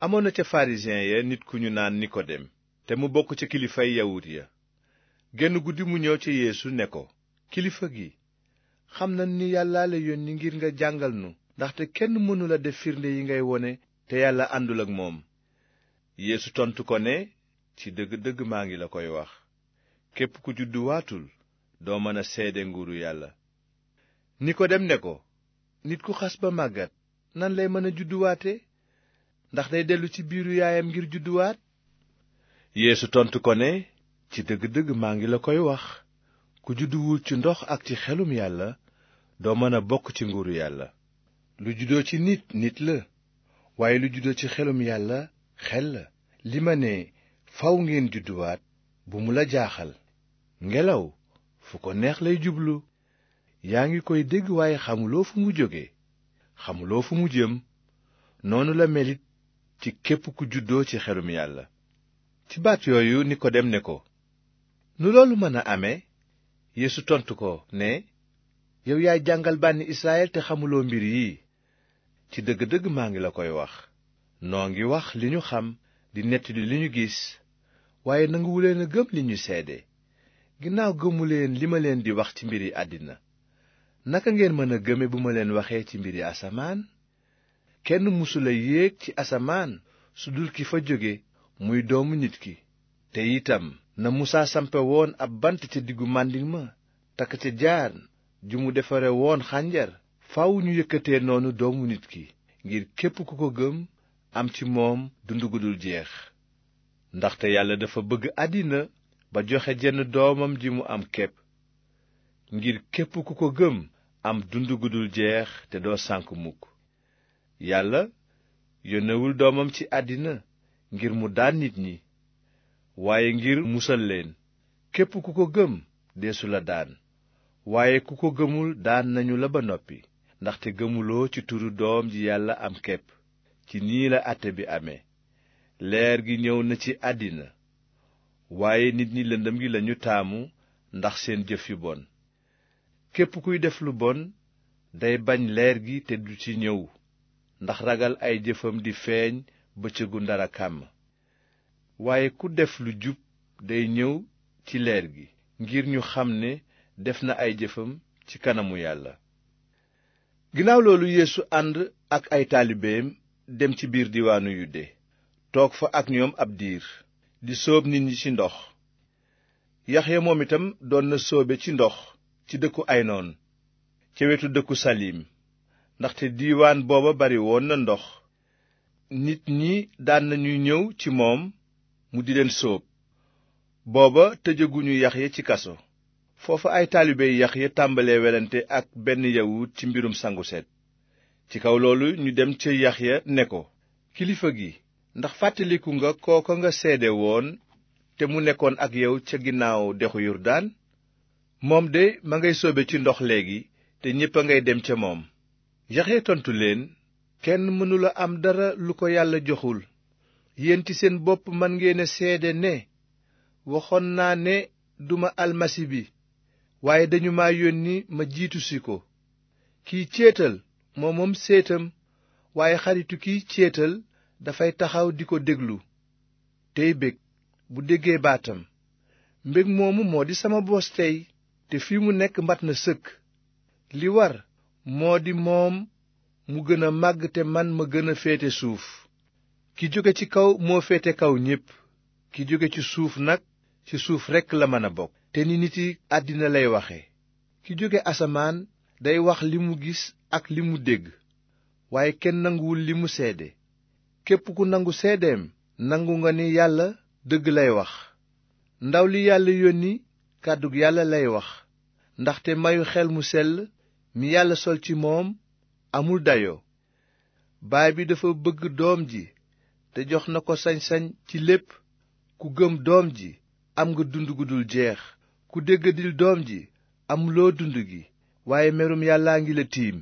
amoon na ca farisiyen ya nit ku ñu naan ni ko dem te mu bokk ca kilifay yawut ya genn guddi mu ñëw ci yeesu ne ko kilifa gi xam na ni yàllaa la yónni ngir nga jàngal nu ndaxte kenn mënula def firnde yi ngay wone te yàlla àndul ak moom yéesu tontu ko ne ci dëgg-dëgg maa ngi la koy wax képp ku judduwaatul doo mën a seede nguuru yàlla ni ko dem ne ko nit ku xas ba màggat nan lay mën a judduwaate ndax day dellu ci biiru yaayam ngir judduwaat yéesu tontu ko ne ci dëgg-dëgg maa ngi la koy wax ku judduwul ci ndox ak ci xelum yàlla doo mën a bokk ci nguuru yàlla lu juddoo ci nit nit la waaye lu juddoo ci xelum yàlla xel la li ma ne faw ngeen judduwaat bu mu la jaaxal ngelaw fu ko neex lay jublu yaa ngi koy dégg waaye xamuloo fu mu jóge xamuloo fu mu jëm noonu la melit ci képp ku juddoo ci xelum yàlla ci baat yooyu nikodem ne ko nu loolu mën a amee yéesu tontu ko ne yow yaay jàngal bànni israyil te xamuloo mbir yi ci dëgg-dëgg maa ngi la koy wax noo ngi wax li ñu xam di nettali li ñu gis waaye nanguwuleen a gëm li ñu seede ginnaaw gëmu leen li ma leen di wax ci mbir yi àddina naka ngeen mën a gëme bu ma leen waxee ci mbir mbiri asamaan kenn mësula yéeg ci asamaan su dul ki fa jóge muy doomu nit ki te itam na musaa sampe woon ab bant ca diggu màndiŋ ma takk ca jaan ju mu defare woon xànjar faw ñu yëkkatee noonu doomu nit ki ngir képp ku ko gëm am ci moom dund gu dul jeex ndaxte yàlla dafa bëgg àddina ba joxe jenn doomam ji mu am képp ngir képp ku ko gëm am dund gu jeex te doo sànk mukk yàlla yónnewul doomam ci àddina ngir mu daan nit ñi waaye ngir musal leen képp ku ko gëm deesu la daan waaye ku ko gëmul daan nañu la ba noppi ndaxte gëmuloo ci turu doom ji yàlla am képp ci nii la àtte bi amee leer gi ñëw na ci àddina waaye nit ñi lëndëm gi lañu taamu ndax seen jëf yu bon képp kuy def lu bon day bañ leer gi te du ci ñëw ndax ragal ay jëfam di feeñ bëccëgu ndara kàmm waaye ku def lu jub day ñëw ci leer gi ngir ñu xam ne def na ay jëfam ci kanamu yàlla ginnaaw loolu yéesu ànd ak ay taalibeem dem ci biir diwaanu yude toog fa ak ñoom ab diir di sóob nit ñi ci ndox yaxya moom itam doon na soobe ci ndox ci dëkku aynoon ca wetu dëkku salim ndaxte diiwaan booba bari woon na ndox nit ñi daan nañu ñëw ci moom mu di leen sóob booba tëjaguñu Yaxya ci kaso foofa ay taalibey Yaxya tàmbalee welante ak benn yawut ci mbirum sangu set ci kaw loolu ñu dem ca yax ya ne ko kilifa gi ndax fàttaliku nga kooko nga seede woon te mu nekkoon ak yow ca ginnaaw dexu Yordaan moom de ma ngay soobe ci ndox léegi te ñépp a ngay dem ca moom yaxya tontu leen kenn mënula am dara lu ko yàlla joxul yéen ci seen bopp man ngeen a seede ne waxoon naa ne duma almasi bi waaye dañu ma yónni ma jiitu si ko kiy céetal moomoom moom séetam waaye xaritu kiy céetal dafay taxaw di ko déglu tey bég bu déggee baatam mbég moomu moo di sama boos tey te fi mu nekk mat na sëkk li war moo di moom mu gën a màgg te man ma gën a féete suuf ki jóge ci kaw moo féete kaw ñépp ki jóge ci suuf nag ci suuf rekk la mën a bokk te ni nit yi àddina lay waxe ki jóge asamaan day wax li mu gis ak li mu dégg waaye kenn nanguwul li mu seede képp ku nangu seedeem nangu nga ni yàlla dëgg lay wax ndaw li yàlla yónni kàddu yàlla lay wax ndaxte mayu xel mu sell mi yàlla sol ci moom amul dayoo baay bi dafa bëgg doom ji te jox na ko sañ-sañ ci lépp ku gëm doom ji am nga dund gu dul jeex ku déggadil doom ji am loo dund gi waaye merum yàllaa ngi la tiim